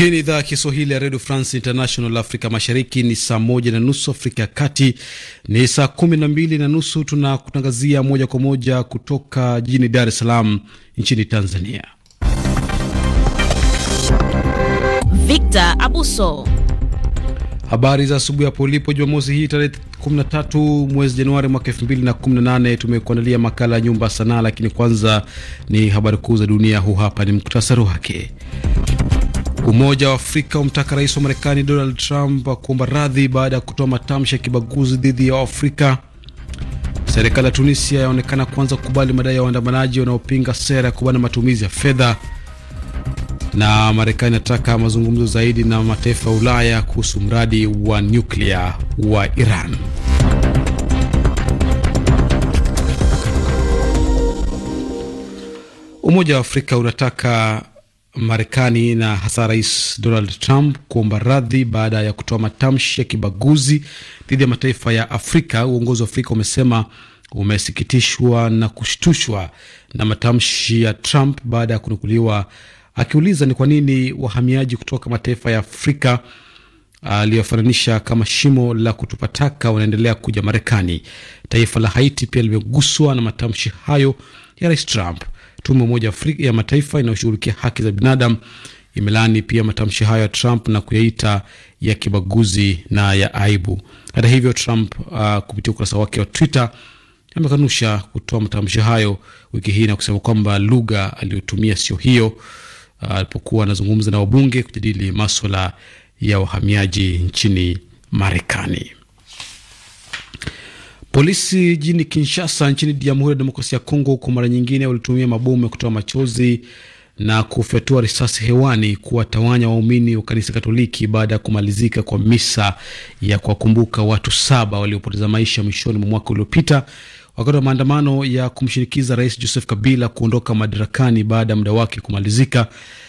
Hii ni idhaa ya Kiswahili ya redio France International. Afrika mashariki ni saa moja na nusu, Afrika ya kati ni saa kumi na mbili na nusu. Tunakutangazia moja kwa moja kutoka jijini Dar es Salaam nchini Tanzania. Victor Abuso, habari za asubuhi hapo ulipo. Jumamosi hii tarehe 13 mwezi Januari mwaka 2018 tumekuandalia makala ya nyumba sanaa, lakini kwanza ni habari kuu za dunia. Huu hapa ni muktasari wake. Umoja wa Afrika umtaka rais wa Marekani Donald Trump kuomba radhi baada ya kutoa matamshi ya kibaguzi dhidi ya Waafrika. Serikali ya Tunisia yaonekana kuanza kukubali madai ya waandamanaji wanaopinga sera ya kubana matumizi ya fedha. Na Marekani inataka mazungumzo zaidi na mataifa ya Ulaya kuhusu mradi wa nyuklia wa Iran. Umoja wa Afrika unataka Marekani na hasa Rais Donald Trump kuomba radhi baada ya kutoa matamshi ya kibaguzi dhidi ya mataifa ya Afrika. Uongozi wa Afrika umesema umesikitishwa na kushtushwa na matamshi ya Trump baada ya kunukuliwa akiuliza ni kwa nini wahamiaji kutoka mataifa ya Afrika uh, aliyofananisha kama shimo la kutupa taka wanaendelea kuja Marekani. Taifa la Haiti pia limeguswa na matamshi hayo ya Rais Trump. Tume Umoja Afrika ya Mataifa inayoshughulikia haki za binadamu imelaani pia matamshi hayo ya Trump na kuyaita ya kibaguzi na ya aibu. Hata hivyo, Trump uh, kupitia ukurasa wake wa Twitter amekanusha kutoa matamshi hayo wiki hii na kusema kwamba lugha aliyotumia sio hiyo uh, alipokuwa uh, anazungumza na wabunge kujadili maswala ya wahamiaji nchini Marekani. Polisi jini Kinshasa nchini Jamhuri ya Demokrasia ya Kongo kwa mara nyingine walitumia mabomu ya kutoa machozi na kufyatua risasi hewani kuwatawanya waumini wa kanisa Katoliki baada ya kumalizika kwa misa ya kuwakumbuka watu saba waliopoteza maisha mwishoni mwa mwaka uliopita wakati wa maandamano ya kumshinikiza Rais Joseph Kabila kuondoka madarakani baada ya muda wake kumalizika.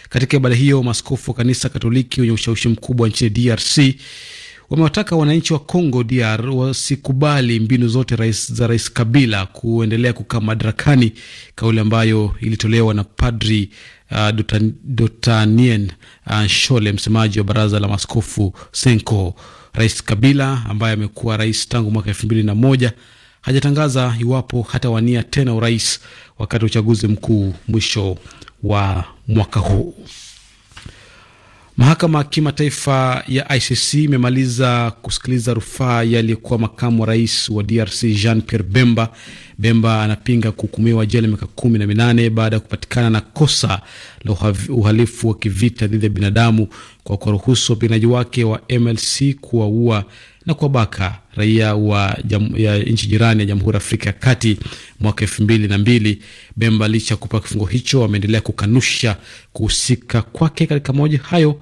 Katika ibada hiyo, maaskofu wa kanisa Katoliki wenye ushawishi mkubwa nchini DRC wamewataka wananchi wa Congo DR wasikubali mbinu zote rais, za Rais Kabila kuendelea kukaa madarakani, kauli ambayo ilitolewa na Padri uh, Dotanien uh, Shole, msemaji wa baraza la maskofu Senko. Rais Kabila ambaye amekuwa rais tangu mwaka elfu mbili na moja hajatangaza iwapo hatawania tena urais wakati wa uchaguzi mkuu mwisho wa mwaka huu. Mahakama ya kimataifa ya ICC imemaliza kusikiliza rufaa yaliyekuwa makamu wa rais wa DRC Jean Pierre Bemba. Bemba anapinga kuhukumiwa jela miaka kumi na minane baada ya kupatikana na kosa la uhalifu wa kivita dhidi ya binadamu kwa kuwaruhusu wapiganaji wake wa MLC kuwaua na kuwabaka raia wa nchi jirani ya Jamhuri ya Afrika ya Kati mwaka elfu mbili na mbili. Bemba licha ya kupewa kifungo hicho ameendelea kukanusha kuhusika kwake katika mauaji hayo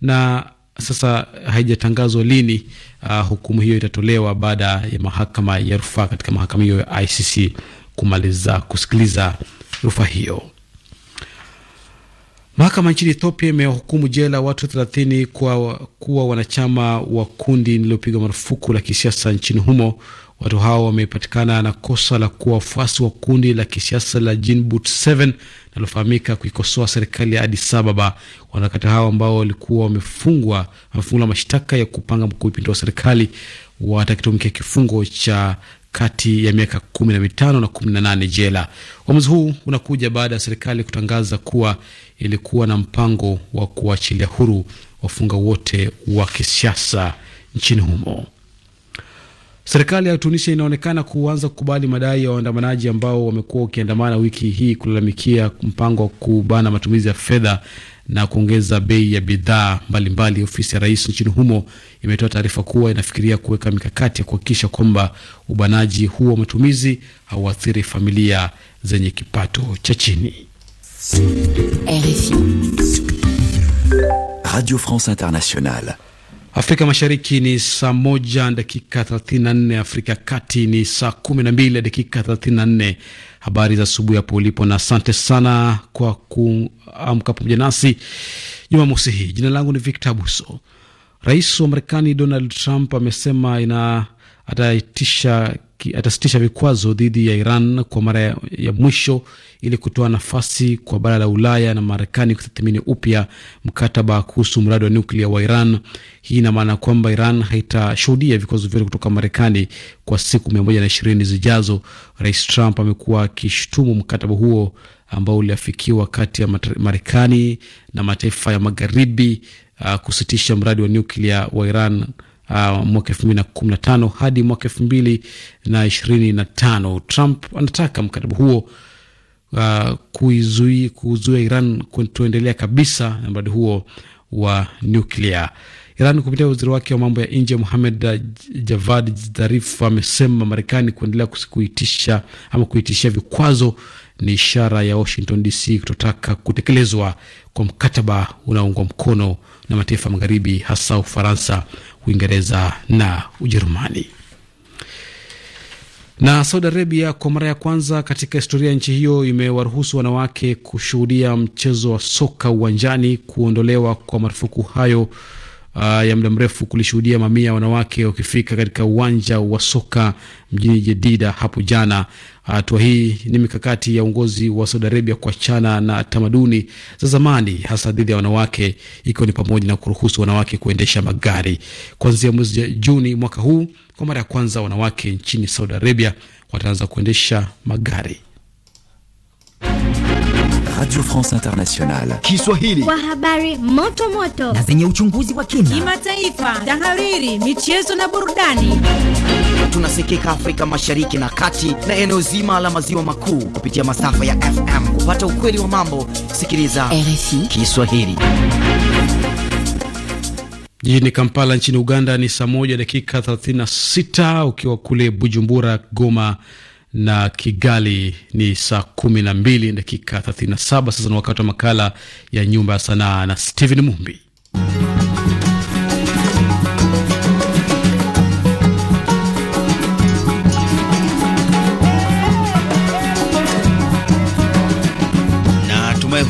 na sasa haijatangazwa lini uh, hukumu hiyo itatolewa baada ya mahakama ya rufaa katika mahakama hiyo ya ICC kumaliza kusikiliza rufaa hiyo. Mahakama nchini Ethiopia imewahukumu jela watu 30 kwa kuwa wanachama wa kundi lililopigwa marufuku la kisiasa nchini humo. Watu hao wamepatikana na kosa la kuwa wafuasi wa kundi la kisiasa la Jinbut 7 linalofahamika kuikosoa serikali ya Addis Ababa. Wanaharakati hao ambao walikuwa wamefungwa wamefungula mashtaka ya kupanga mkuu wa serikali watakitumikia kifungo cha kati ya miaka kumi na mitano na kumi na nane jela. Uamuzi huu unakuja baada ya serikali kutangaza kuwa ilikuwa na mpango wa kuachilia huru wafunga wote wa kisiasa nchini humo. Serikali ya Tunisia inaonekana kuanza kukubali madai ya waandamanaji ambao wamekuwa wakiandamana wiki hii kulalamikia mpango wa kubana matumizi ya fedha na kuongeza bei ya bidhaa mbalimbali. Ofisi ya rais nchini humo imetoa taarifa kuwa inafikiria kuweka mikakati ya kuhakikisha kwamba ubanaji huo wa matumizi hauathiri familia zenye kipato cha chini. RFI. Radio France Internationale. Afrika Mashariki ni saa moja dakika 34, Afrika Kati ni saa 12 dakika 34. Habari za asubuhi hapo ulipo, na asante sana kwa kuamka pamoja nasi Jumamosi hii. Jina langu ni Victor Buso. Rais wa Marekani Donald Trump amesema ina ataitisha atasitisha vikwazo dhidi ya Iran kwa mara ya, mwisho ili kutoa nafasi kwa bara la Ulaya na Marekani kutathmini upya mkataba kuhusu mradi wa nuklia wa Iran. Hii ina maana kwamba Iran haitashuhudia vikwazo vyote kutoka Marekani kwa siku mia moja na ishirini zijazo. Rais Trump amekuwa akishutumu mkataba huo ambao uliafikiwa kati ya Marekani na mataifa ya magharibi uh, kusitisha mradi wa nuklia wa Iran uh, mwaka elfu mbili na kumi na tano hadi mwaka elfu mbili na ishirini na tano. Trump anataka mkataba huo uh, kuizuia kuzuia Iran kuendelea kabisa na mradi huo wa nuklia Iran kupitia waziri wake wa mambo ya nje Muhamed Javad Zarif amesema Marekani kuendelea kuitisha ama kuitishia vikwazo ni ishara ya Washington DC kutotaka kutekelezwa kwa mkataba unaoungwa mkono na mataifa magharibi hasa Ufaransa Uingereza na Ujerumani. Na Saudi Arabia kwa mara ya kwanza katika historia ya nchi hiyo imewaruhusu wanawake kushuhudia mchezo wa soka uwanjani. Kuondolewa kwa marufuku hayo uh, ya muda mrefu kulishuhudia mamia wanawake wakifika katika uwanja wa soka mjini Jedida hapo jana. Hatua uh, hii ni mikakati ya uongozi wa Saudi Arabia kuachana na tamaduni za zamani, hasa dhidi ya wanawake, ikiwa ni pamoja na kuruhusu wanawake kuendesha magari. Kuanzia mwezi Juni mwaka huu, kwa mara ya kwanza wanawake nchini Saudi Arabia wataanza kuendesha magari. Radio France Internationale. Kiswahili. Kwa habari moto moto na zenye uchunguzi wa kina, kimataifa, tahariri, michezo na burudani. Tunasikika Afrika Mashariki na Kati na eneo zima la maziwa makuu kupitia masafa ya FM. Kupata ukweli wa mambo, sikiliza RFI Kiswahili. Jijini Kampala nchini Uganda ni saa moja dakika 36, ukiwa kule Bujumbura, Goma na Kigali ni saa kumi na mbili dakika thelathini na saba. Sasa ni wakati wa makala ya Nyumba ya Sanaa na Steven Mumbi.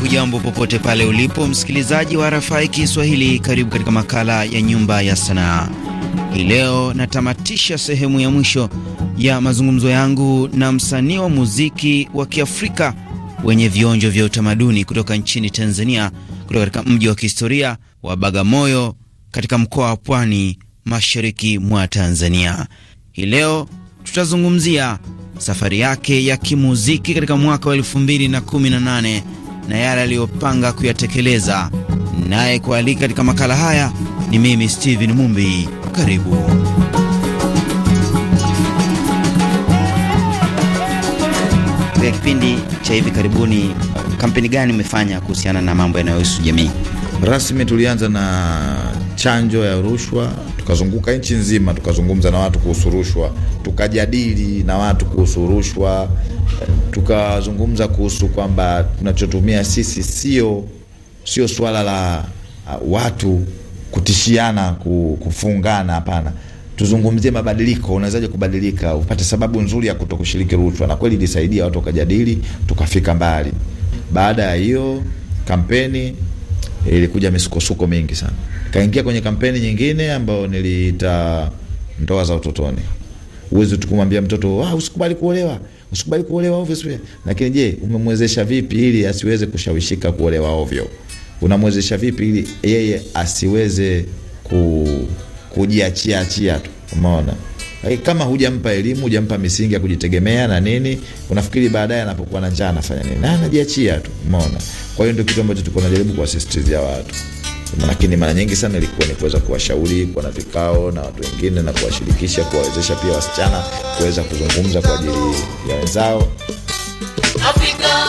hujambo popote pale ulipo msikilizaji wa RFI Kiswahili. Karibu katika makala ya Nyumba ya Sanaa. Hii leo natamatisha sehemu ya mwisho ya mazungumzo yangu na msanii wa muziki wa Kiafrika wenye vionjo vya utamaduni kutoka nchini Tanzania, kutoka katika mji wa kihistoria wa Bagamoyo katika mkoa wa Pwani, mashariki mwa Tanzania. Hii leo tutazungumzia safari yake ya kimuziki katika mwaka wa 2018 na yale aliyopanga kuyatekeleza. Naye kualika katika makala haya ni mimi Steven Mumbi. Karibu. katika kipindi cha hivi karibuni, kampeni gani umefanya kuhusiana na mambo yanayohusu jamii? Rasmi tulianza na chanjo ya rushwa, tukazunguka nchi nzima, tukazungumza na watu kuhusu rushwa, tukajadili na watu kuhusu rushwa, tukazungumza kuhusu kwamba tunachotumia sisi sio sio swala la uh, watu kutishiana, kufungana, hapana tuzungumzie mabadiliko. Unawezaje kubadilika upate sababu nzuri ya kutokushiriki rushwa? Na kweli ilisaidia watu wakajadili, tukafika mbali. Baada ya hiyo kampeni ilikuja misukosuko mingi sana, kaingia kwenye kampeni nyingine ambayo niliita ndoa za utotoni. Uwezi tukumwambia mtoto ah, usikubali kuolewa, usikubali kuolewa ovyo, lakini je, umemwezesha vipi ili asiweze kushawishika kuolewa ovyo? Unamwezesha vipi ili yeye asiweze ku kujiachia achia tu, umeona. Kama hujampa elimu, hujampa misingi ya kujitegemea na nini, unafikiri baadaye anapokuwa na njaa anafanya nini? Na anajiachia tu, umeona. Kwa hiyo ndio kitu ambacho tulikuwa tunajaribu kuwasisitizia watu, lakini mara nyingi sana ilikuwa ni kuweza kuwashauri, kuwa na vikao na watu wengine na kuwashirikisha, kuwawezesha pia wasichana kuweza kuzungumza kwa ajili ya wenzao. Afrika,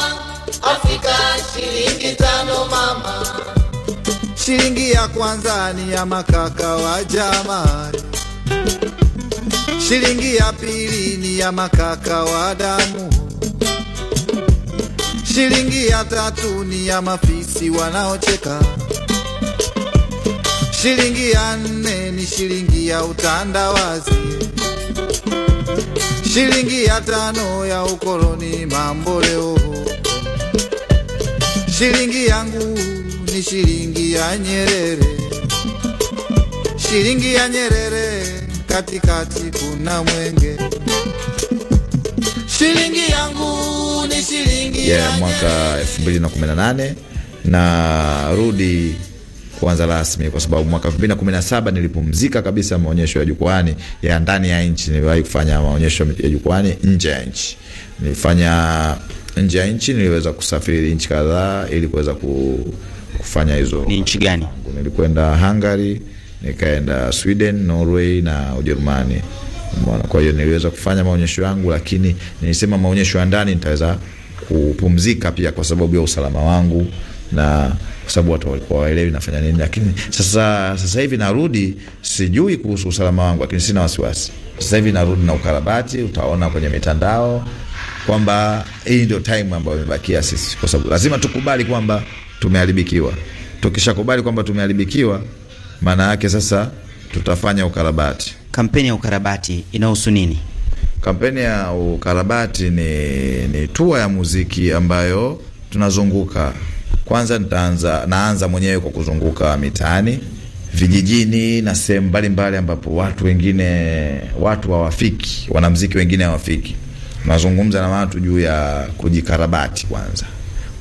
Afrika, shilingi tano mama Shilingi ya kwanza ni ya makaka wa jamani, shilingi ya pili ni ya makaka wa damu, shilingi ya tatu ni ya mafisi wanaocheka, shilingi ya nne ni shilingi ya utandawazi, shilingi ya tano ya ukoloni mambo leo, shilingi nguu shilingi ya Nyerere, shilingi ya Nyerere, katikati kuna mwenge. Shilingi yangu ni shilingi ya yeah, mwaka 2018 na rudi kwanza rasmi kwa sababu mwaka 2017 nilipumzika kabisa maonyesho ya jukwani ya ndani ya nchi. Niliwahi kufanya maonyesho ya jukwani nje ya nchi, nilifanya nje ya nchi, niliweza kusafiri nchi kadhaa ili kuweza ku kufanya hizo. Ni nchi gani? Nilikwenda Hungary, nikaenda Sweden, Norway na Ujerumani. Mbona, kwa hiyo niliweza kufanya maonyesho yangu, lakini nilisema maonyesho ya ndani nitaweza kupumzika pia kwa sababu ya usalama wangu na kwa sababu watu walikuwa waelewi nafanya nini. Lakini sasa, sasa hivi narudi, sijui kuhusu usalama wangu, lakini sina wasiwasi. Sasa hivi narudi na ukarabati, utaona kwenye mitandao kwamba hii ndio time ambayo imebakia sisi, kwa sababu lazima tukubali kwamba tumeharibikiwa. Tukishakubali kwamba tumeharibikiwa, maana yake sasa tutafanya ukarabati. Kampeni ya ukarabati inahusu nini? Kampeni ya ukarabati ni, ni tua ya muziki ambayo tunazunguka. Kwanza nitaanza, naanza mwenyewe kwa kuzunguka mitaani, vijijini na sehemu mbalimbali ambapo watu wengine watu hawafiki, wanamziki wengine hawafiki. Nazungumza na watu juu ya kujikarabati kwanza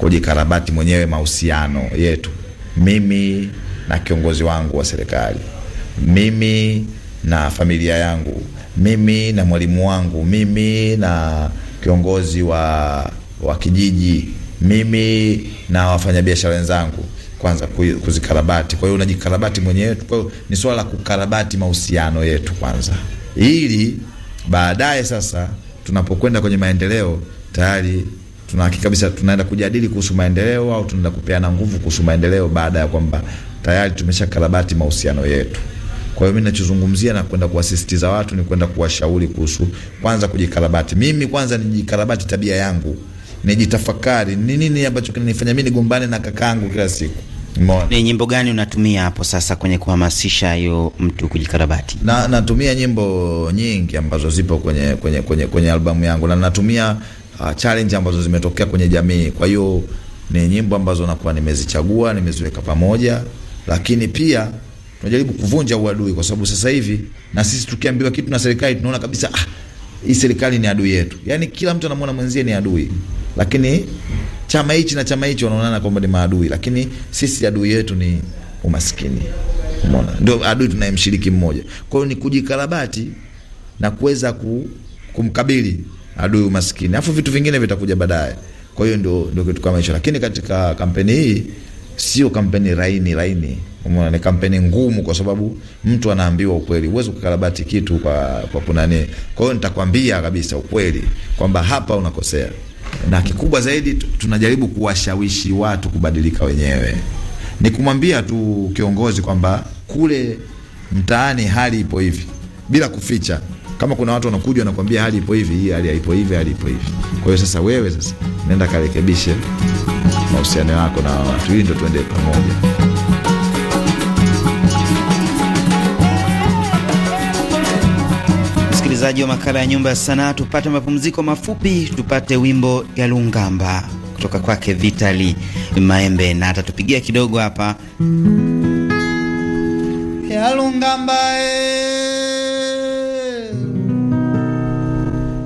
kujikarabati mwenyewe mahusiano yetu, mimi na kiongozi wangu wa serikali, mimi na familia yangu, mimi na mwalimu wangu, mimi na kiongozi wa, wa kijiji, mimi na wafanyabiashara wenzangu kwanza kuzikarabati. Kwa hiyo unajikarabati mwenyewe. Kwa hiyo ni swala la kukarabati mahusiano yetu kwanza, ili baadaye sasa tunapokwenda kwenye maendeleo tayari tunahakika kabisa tunaenda kujadili kuhusu maendeleo au tunaenda kupeana nguvu kuhusu maendeleo baada ya kwamba tayari tumesha karabati mahusiano yetu. Kwa hiyo mimi ninachozungumzia na kwenda kuwasisitiza watu ni kwenda kuwashauri kuhusu kwanza kujikarabati. Mimi kwanza nijikarabati tabia yangu, nijitafakari ni nini ambacho kinanifanya mimi nigombane na kakaangu kila siku. Mbona. Ni nyimbo gani unatumia hapo sasa kwenye kuhamasisha hiyo mtu kujikarabati? Na natumia nyimbo nyingi ambazo zipo kwenye kwenye kwenye, kwenye albamu yangu na natumia uh, challenge ambazo zimetokea kwenye jamii. Kwa hiyo ni nyimbo ambazo nakuwa nimezichagua, nimeziweka pamoja, lakini pia tunajaribu kuvunja uadui, kwa sababu sasa hivi na sisi tukiambiwa kitu na serikali tunaona kabisa ah, hii serikali ni adui yetu. Yaani kila mtu anamwona mwenzie ni adui, lakini chama hichi na chama hichi wanaonana kwamba ni maadui, lakini sisi adui yetu ni umaskini. Umeona, ndio adui tunayemshiriki mmoja. Kwa hiyo ni kujikarabati na kuweza ku, kumkabili adui umaskini, afu vitu vingine vitakuja baadaye. Kwa hiyo ndio ndio kitu kama hicho, lakini katika kampeni hii sio kampeni laini laini, umeona, ni kampeni ngumu, kwa sababu mtu anaambiwa ukweli. Huwezi kukarabati kitu kwa kwa kunani. Kwa hiyo nitakwambia kabisa ukweli kwamba hapa unakosea, na kikubwa zaidi tunajaribu kuwashawishi watu kubadilika wenyewe, ni kumwambia tu kiongozi kwamba kule mtaani hali ipo hivi, bila kuficha kama kuna watu wanakuja wanakuambia hali ipo hivi, hii hali haipo hivi, hali ipo hivi. Kwa hiyo sasa wewe sasa nenda karekebishe mahusiano yako na watu, ili ndo tuende pamoja. Msikilizaji wa makala ya nyumba ya sanaa, tupate mapumziko mafupi, tupate wimbo ya Lungamba kutoka kwake Vitali Maembe, na atatupigia kidogo hapa ya Lungamba eh.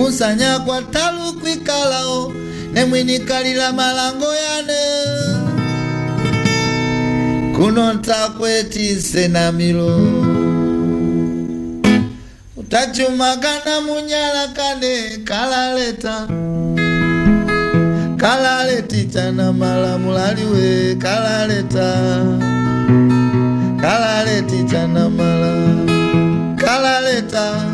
kusanya kwa talu kwikalao kwikalawo nemwinikalila malango yane kuno ntakwetise na milo utachumagana munyala kane kalaleta kalaletichana malamulaliwe kalaleta kalaletichana mala kalaleta, kalaleta.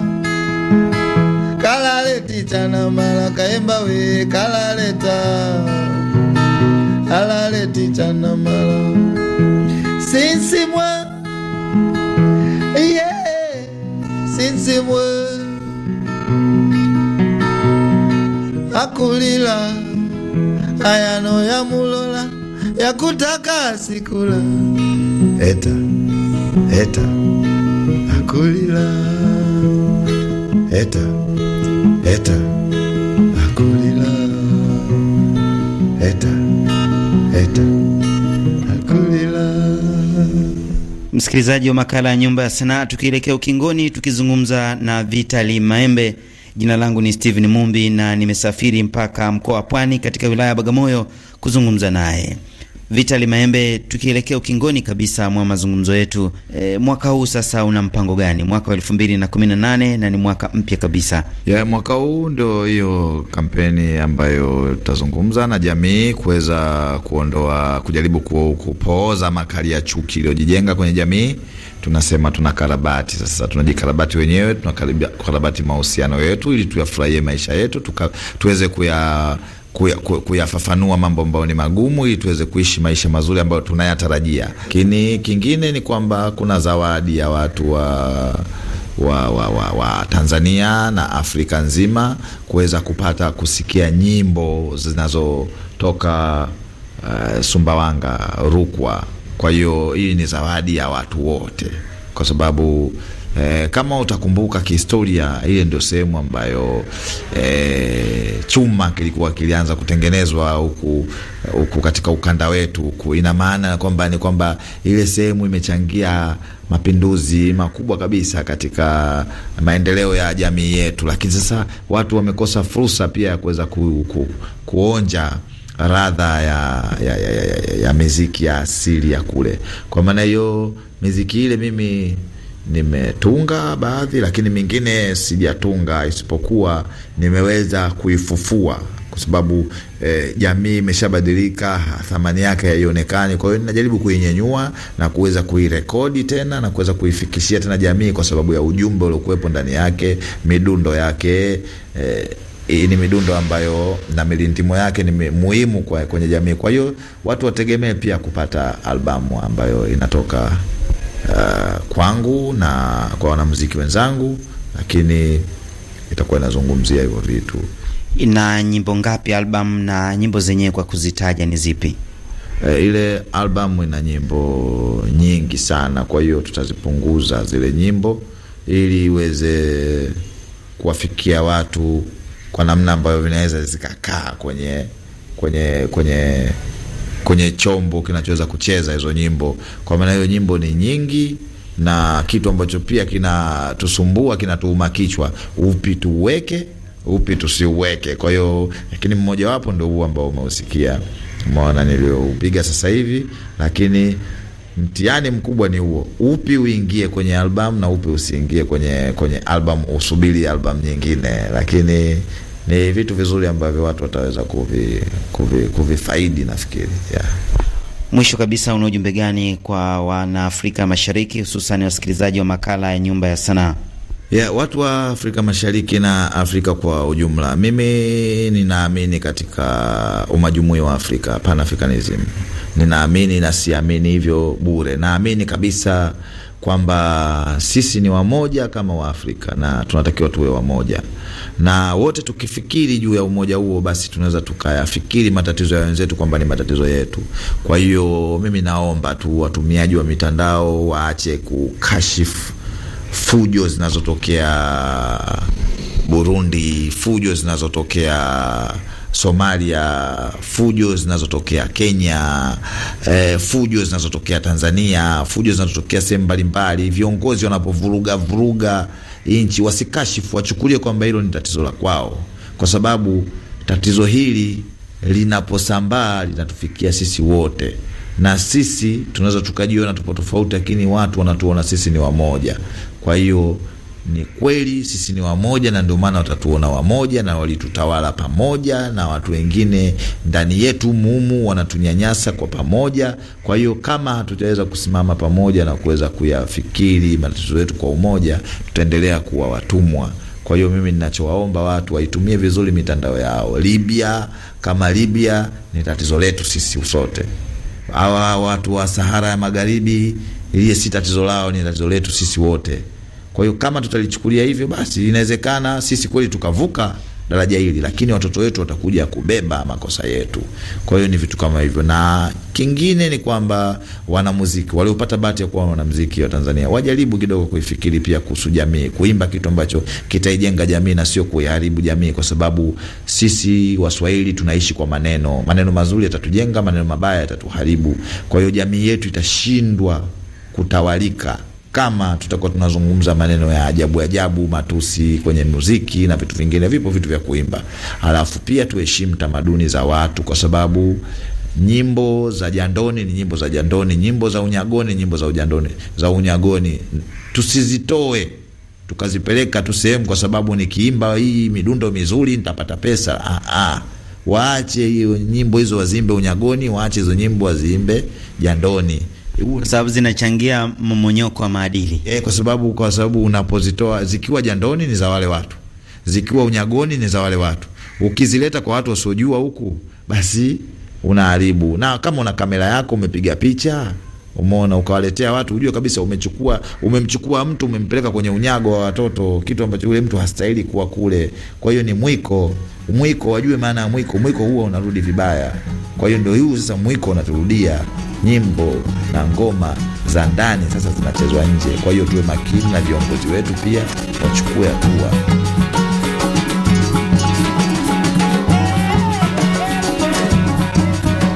Alaleti chana mala kaemba we kalaleta, ta chana mala since moi yeah since moi akulila ayano ya mulola yakutaka sikula eta eta akulila eta Eta, akulila Eta, eta, akulila Msikilizaji wa makala ya Nyumba ya Sanaa, tukielekea ukingoni, tukizungumza na Vitali Maembe. Jina langu ni Steven Mumbi na nimesafiri mpaka mkoa wa Pwani katika wilaya ya Bagamoyo kuzungumza naye. Vitali Maembe, tukielekea ukingoni kabisa mwa mazungumzo yetu e, mwaka huu sasa una mpango gani? Mwaka wa elfu mbili na kumi na nane na ni mwaka mpya kabisa ya mwaka huu, ndio hiyo kampeni ambayo tutazungumza na jamii kuweza kuondoa, kujaribu kupooza makali ya chuki iliyojijenga kwenye jamii. Tunasema tuna karabati sasa, tunajikarabati wenyewe, tunakarabati mahusiano yetu ili tuyafurahie maisha yetu tuka, tuweze kuya kuyafafanua mambo ambayo ni magumu ili tuweze kuishi maisha mazuri ambayo tunayatarajia. Lakini kingine ni kwamba kuna zawadi ya watu wa wa, wa, wa, wa Tanzania na Afrika nzima kuweza kupata kusikia nyimbo zinazotoka uh, Sumbawanga, Rukwa. Kwa hiyo hii ni zawadi ya watu wote, kwa sababu E, kama utakumbuka kihistoria, ile ndio sehemu ambayo e, chuma kilikuwa kilianza kutengenezwa huku huku katika ukanda wetu huku. Ina maana kwamba ni kwamba ile sehemu imechangia mapinduzi makubwa kabisa katika maendeleo ya jamii yetu, lakini sasa watu wamekosa fursa pia ya kuweza ku, ku, kuonja radha ya, ya, ya, ya, ya miziki ya asili ya kule. Kwa maana hiyo miziki ile mimi nimetunga baadhi, lakini mingine sijatunga, isipokuwa nimeweza kuifufua kwa sababu e, jamii imeshabadilika, thamani yake haionekani. Kwa hiyo ninajaribu kuinyenyua na kuweza kuirekodi tena na kuweza kuifikishia tena jamii, kwa sababu ya ujumbe uliokuwepo ndani yake, midundo yake e, eh, hii ni midundo ambayo na milindimo yake ni muhimu kwa kwenye jamii. Kwa hiyo watu wategemee pia kupata albamu ambayo inatoka uh, kwangu na kwa wanamuziki wenzangu, lakini itakuwa inazungumzia hivyo vitu. Ina nyimbo ngapi album, na nyimbo zenyewe kwa kuzitaja ni zipi? E, ile albamu ina nyimbo nyingi sana, kwa hiyo tutazipunguza zile nyimbo ili iweze kuwafikia watu kwa namna ambayo vinaweza zikakaa kwenye kwenye kwenye kwenye chombo kinachoweza kucheza hizo nyimbo. Kwa maana hiyo nyimbo ni nyingi na kitu ambacho pia kinatusumbua kinatuuma kichwa, upi tuweke upi tusiuweke. Kwa hiyo lakini mmojawapo ndio huu ambao umeusikia umeona nilioupiga sasa hivi, lakini mtihani mkubwa ni huo, upi uingie kwenye albamu na upi usiingie kwenye kwenye albamu, usubiri albamu nyingine, lakini ni vitu vizuri ambavyo watu wataweza kuvi, kuvi, kuvifaidi nafikiri, yeah. Mwisho kabisa, una ujumbe gani kwa wanaafrika Mashariki, hususan wasikilizaji wa makala ya Nyumba ya Sanaa? Yeah, watu wa Afrika Mashariki na Afrika kwa ujumla, mimi ninaamini katika umajumui wa Afrika, pan-Africanism. Ninaamini na siamini hivyo bure, naamini kabisa kwamba sisi ni wamoja kama Waafrika na tunatakiwa tuwe wamoja, na wote tukifikiri juu ya umoja huo, basi tunaweza tukayafikiri matatizo ya wenzetu kwamba ni matatizo yetu. Kwa hiyo mimi naomba tu watumiaji wa mitandao waache kukashifu fujo zinazotokea Burundi, fujo zinazotokea Somalia, fujo zinazotokea Kenya, e, fujo zinazotokea Tanzania, fujo zinazotokea sehemu mbalimbali, viongozi wanapovuruga vuruga nchi wasikashifu, wachukulie kwamba hilo ni tatizo la kwao, kwa sababu tatizo hili linaposambaa linatufikia sisi wote, na sisi tunaweza tukajiona tupo tofauti, lakini watu wanatuona sisi ni wamoja. Kwa hiyo ni kweli sisi ni wamoja, na ndio maana watatuona wamoja, na walitutawala pamoja, na watu wengine ndani yetu mumu wanatunyanyasa kwa pamoja. Kwa hiyo kama hatutaweza kusimama pamoja na kuweza kuyafikiri matatizo yetu kwa umoja, tutaendelea kuwa watumwa. Kwa hiyo mimi ninachowaomba watu waitumie vizuri mitandao yao. Libya kama Libya ni tatizo letu sisi sote. Hawa watu wa Sahara ya Magharibi, ile si tatizo lao, ni tatizo letu sisi wote. Kwa hiyo kama tutalichukulia hivyo, basi inawezekana sisi kweli tukavuka daraja hili, lakini watoto wetu watakuja kubeba makosa yetu. Kwa hiyo ni vitu kama hivyo, na kingine ni kwamba wanamuziki waliopata bahati ya kuwa wanamuziki wa Tanzania wajaribu kidogo kuifikiri pia kuhusu jamii, kuimba kitu ambacho kitaijenga jamii na sio kuiharibu jamii, kwa sababu sisi Waswahili tunaishi kwa maneno. Maneno mazuri yatatujenga, maneno mabaya yatatuharibu. Kwa hiyo jamii yetu itashindwa kutawalika kama tutakuwa tunazungumza maneno ya ajabu ajabu, matusi kwenye muziki na vitu vingine. Vipo vitu vya kuimba, alafu pia tuheshimu tamaduni za watu, kwa sababu nyimbo za jandoni ni nyimbo za jandoni, nyimbo za unyagoni nyimbo za ujandoni, za unyagoni. Tusizitoe tukazipeleka tu sehemu, kwa sababu nikiimba hii midundo mizuri nitapata pesa. Ah, ah. Waache hiyo nyimbo hizo, wazimbe unyagoni, waache hizo nyimbo waziimbe jandoni kwa sababu zinachangia mmonyoko wa maadili e, kwa sababu kwa sababu unapozitoa zikiwa jandoni ni za wale watu, zikiwa unyagoni ni za wale watu. Ukizileta kwa watu wasiojua huku, basi unaharibu. Na kama una kamera yako umepiga picha Umeona, ukawaletea watu, ujue kabisa umechukua, umemchukua mtu umempeleka kwenye unyago wa watoto, kitu ambacho yule mtu hastahili kuwa kule. Kwa hiyo ni mwiko mwiko, wajue maana ya mwiko. Mwiko huwa unarudi vibaya. Kwa hiyo ndio huu sasa mwiko unaturudia, nyimbo na ngoma za ndani sasa zinachezwa nje. Kwa hiyo tuwe makini na viongozi wetu pia wachukue hatua.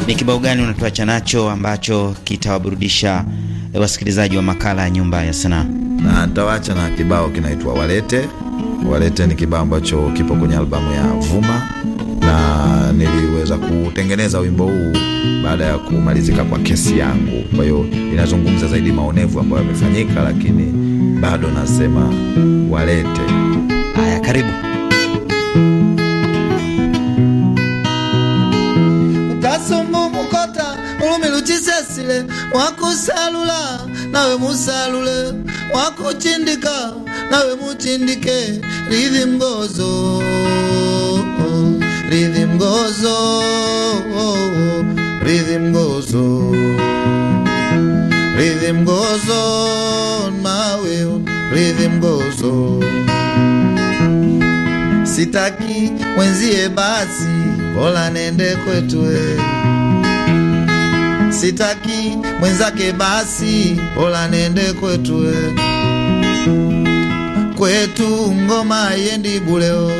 Ni kibao gani unatuacha nacho ambacho kitawaburudisha eh, wasikilizaji wa makala ya Nyumba ya Sanaa? Na nitawacha na kibao kinaitwa Walete walete ni kibao ambacho kipo kwenye albamu ya Vuma, na niliweza kutengeneza wimbo huu baada ya kumalizika kwa kesi yangu. Kwa hiyo inazungumza zaidi maonevu ambayo yamefanyika, lakini bado nasema walete haya. Karibu utasumumukota ulumiluchisesile wakusalula nawe musalule wakuchindika nawe mutindike ridhi mgozo ridhi mgozo ridhi mgozo ridhi mgozo mawe ridhi mgozo sitaki mwenzie basi pola nende kwetwe sitaki mwenzake basi pola nende kwetwe kwetu ngoma yendi buleo,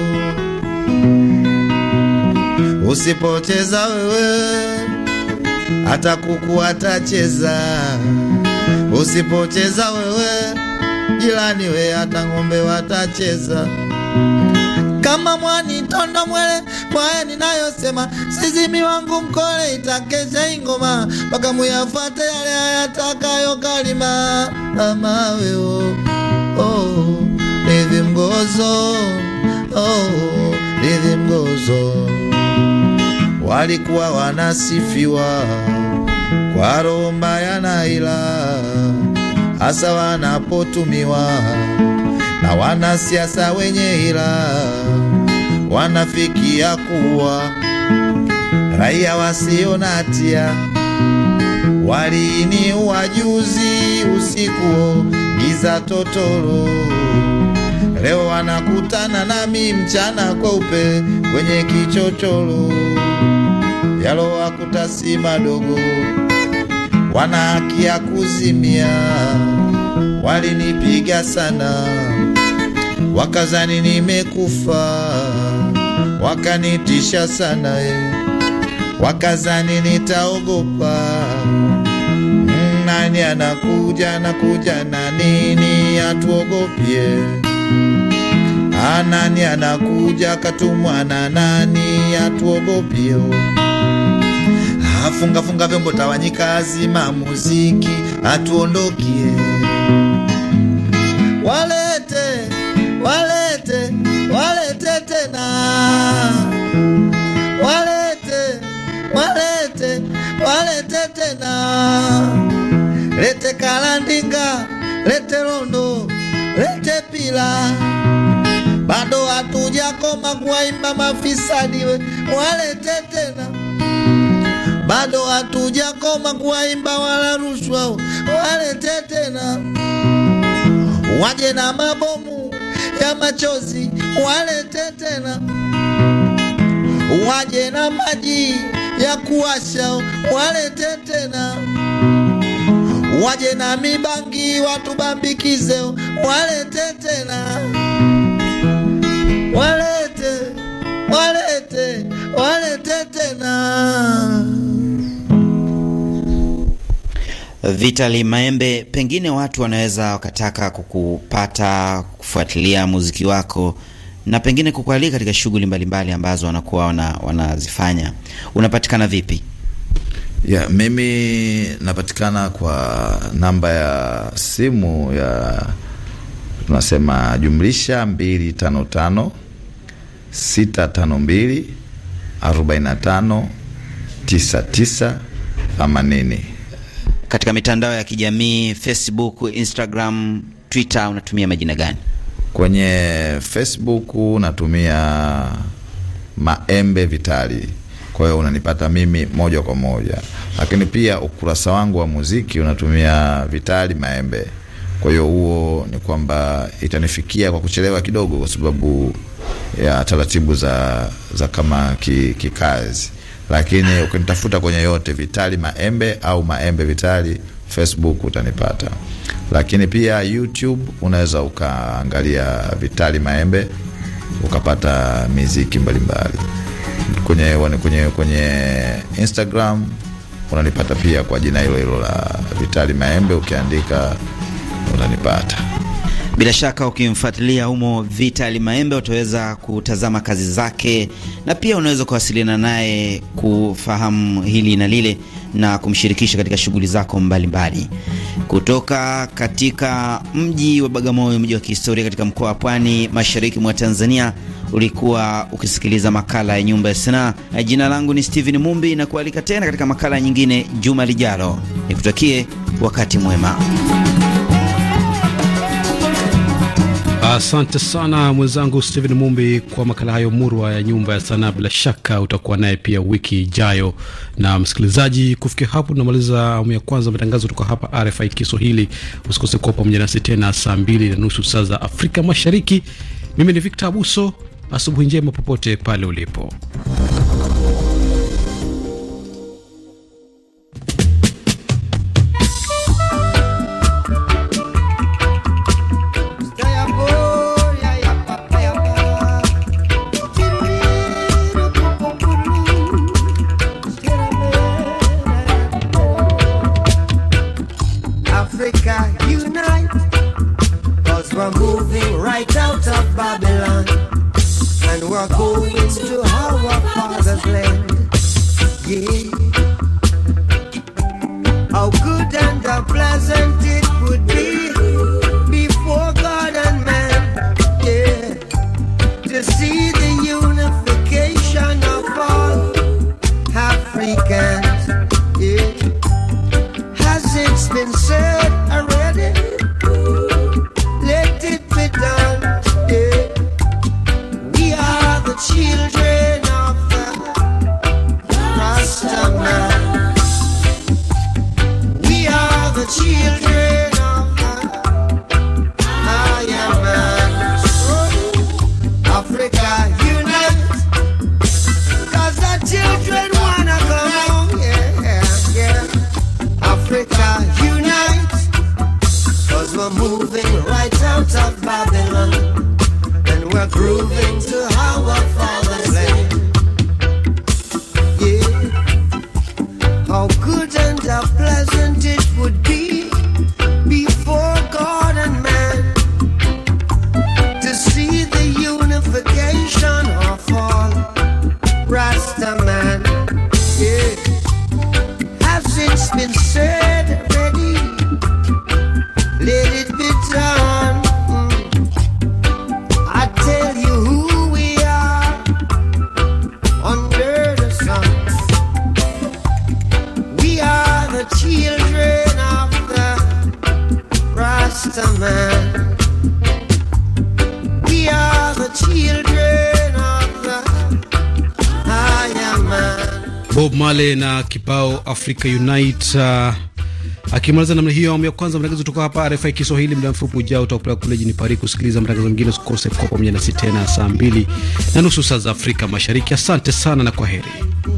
usipoteza wewe hata kuku atacheza, usipoteza wewe jilani we hata ng'ombe watacheza kama mwani tondo mwele kwaye ninayosema sizimi wangu mkole itakesha ingoma mpaka muyafate yale hayatakayo kalima amawewo Live oh, live Walikuwa wanasifiwa kwa roho mbaya na ila, hasa wanapotumiwa na wanasiasa wenye ila, wanafikia kuwa raia wasio na hatia. Waliini wajuzi usiku giza totoro leo anakutana nami mchana kweupe kwenye kichocholo yalowakuta si madogo, wana haki ya kuzimia. Walinipiga sana, wakazani nimekufa, wakanitisha sana eh. Wakazani nitaogopa. Nani anakuja anakuja na nini, atuogopye Anani anakuja katumwa na nani? Atuogopio afunga funga vyombo tawanyika, azima muziki atuondokie. Walete, walete, walete tena, walete, walete, walete tena, lete kalandinga, lete rondo ila bado hatujakoma kuwaimba mafisadi, wale tetena bado hatujakoma kuwaimba wala rushwa, walete tena, waje na mabomu ya machozi, walete tena, waje na maji ya kuwasha, walete tena waje na mibangi watubambikize, walete tena, walete walete walete tena. Vitali Maembe, pengine watu wanaweza wakataka kukupata, kufuatilia muziki wako na pengine kukualika katika shughuli mbalimbali ambazo wanakuwa wanazifanya, unapatikana vipi? Ya, mimi napatikana kwa namba ya simu ya tunasema jumlisha 255 652 45 Katika mitandao ya kijamii Facebook, Instagram, Twitter unatumia majina gani? Kwenye Facebook natumia Maembe Vitali kwa hiyo unanipata mimi moja kwa moja, lakini pia ukurasa wangu wa muziki unatumia Vitali Maembe. Kwa hiyo huo ni kwamba itanifikia kwa kuchelewa kidogo, kwa sababu ya taratibu za, za kama kikazi ki lakini ukinitafuta kwenye yote Vitali Maembe au Maembe Vitali Facebook utanipata, lakini pia YouTube unaweza ukaangalia Vitali Maembe ukapata miziki mbalimbali mbali kwenye, kwenye, kwenye Instagram unanipata pia kwa jina hilo hilo la Vitali Maembe, ukiandika unanipata. Bila shaka ukimfuatilia humo Vitali Maembe utaweza kutazama kazi zake na pia unaweza kuwasiliana naye kufahamu hili na lile na kumshirikisha katika shughuli zako mbalimbali mbali. Kutoka katika mji wa Bagamoyo, mji wa kihistoria katika mkoa wa Pwani, mashariki mwa Tanzania, ulikuwa ukisikiliza makala ya Nyumba ya Sanaa. Jina langu ni Steven Mumbi na kualika tena katika makala nyingine juma lijalo. Nikutakie wakati mwema. Asante sana mwenzangu stehen Mumbi kwa makala hayo murwa ya nyumba ya sanaa. Bila shaka utakuwa naye pia wiki ijayo. Na msikilizaji, kufikia hapo tunamaliza awamu ya kwanza matangazo kutoka hapa RFI Kiswahili. Usikose kuwa pamoja nasi tena saa mbili na nusu saa za Afrika Mashariki. Mimi ni Victor Abuso, asubuhi njema popote pale ulipo. see the unification of all Africans. has been said. Africa Unite. Uh, akimaliza namna hiyo awamu ya kwanza matangazo kutoka hapa RFI Kiswahili. Muda mfupi ujao utakupeleka kule jini Paris kusikiliza matangazo mengine. Usikose kwa pamoja nasi tena saa mbili na nusu saa za Afrika Mashariki. Asante sana na kwa heri.